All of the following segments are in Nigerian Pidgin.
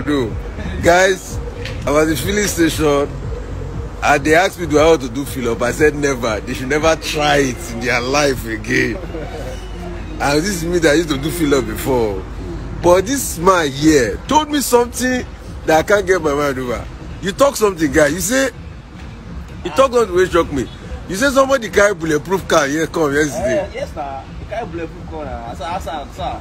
Ododo. Guys, I was at the filling station and they asked me, Do I want to do fill up? I said, Never. They should never try it in their life again. And this is me that used to do fill up before. But this man here told me something that I can't get my mind over. You talk something, guy. You say, You talk something wey shock me. You say somebody carry bulletproof car here come yesterday. Uh, yes, sir. He carry bulletproof car. Sir, sir, sir.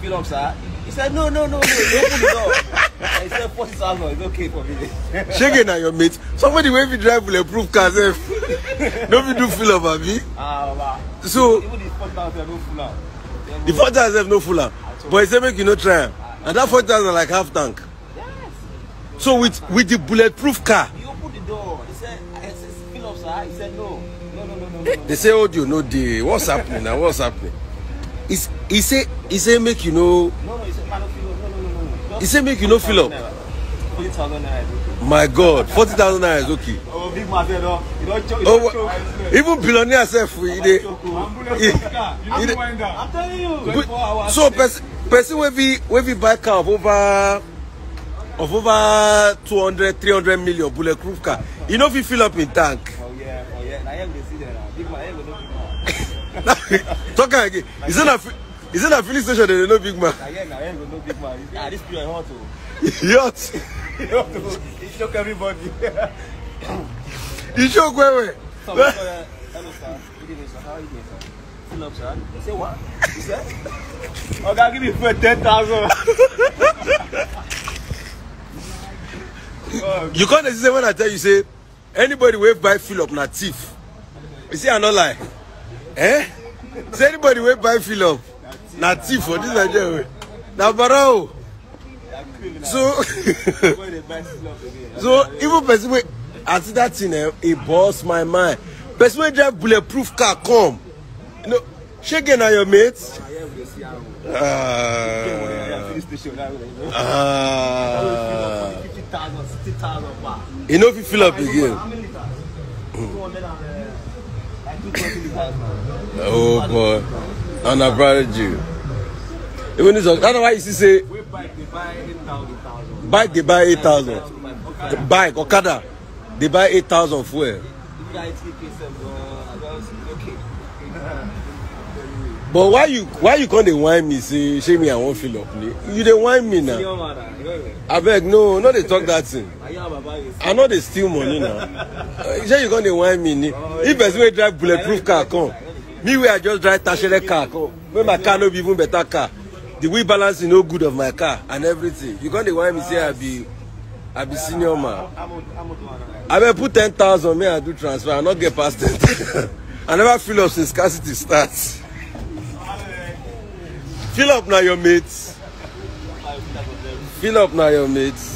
Fill up, sir said, no, no, no, no, don't the door. I said, 40,000, it's okay for me. Shege na your mate. Somebody when we drive bulletproof car sef. No fit do full am abi. Ah, baba. So, even the four 40,000 no full am. The 40,000 no full But he say make you not try ah. And that four thousand are like half tank. Yes. So with with the bulletproof car. You open the door. He said, I said, fill up, sir. He said, no. No, no, no, no. no. They say, oh, you know the What's happening now? What's happening? he say he say make you know? no no he say no no say make you no fill up my god forty thousand naira is okay oh big man say no you don choke you don choke even billionaire sef e dey e dey so person person wey fit wey fit buy car of over of over two hundred three hundred million bulletproof car e no fit fill up im tank. Oh, yeah, oh, yeah. Talk again. Is it a is it a filling station? They no big man. I yeah, go no big man. Ah, this period hot to. Hot. He It shock everybody. He shock where where. Uh, hello sir. Good evening sir. How are you doing sir? up sir. Say what? You said? Okay, give me for ten thousand. Oh, you can't say when I tell you say anybody wave by Philip up thief. You see I not lie. Eh? is anybody wey buy fill up na tea for oh, dis nigeria wey na bara o oh. so so even person wey i see that thing eh e burst my mind person wey drive bulletproof car come you know shege na your mate. Uh, ah. uh, ah. you no you fill up again oh boy, and I brought you. Even this, I don't know why you say. Bike they buy eight thousand. Bike buy Okada, they buy eight thousand fuel. but why you why you come dey whine me say shey me i wan fill up ni you dey whine me na abeg no no dey talk that thing i no dey steal money na shey uh, you come dey whine me ni if person wey drive bulletproof car come me wey i just drive tashere car come wey my car no be even better car the wheel balancing no good of my car and everything you come dey whine me say i be i be senior man abeg put ten thousand make i do transfer i no get past ten thousand i never fill up since scarcity start. Fill up now your mates. Fill up now your mates.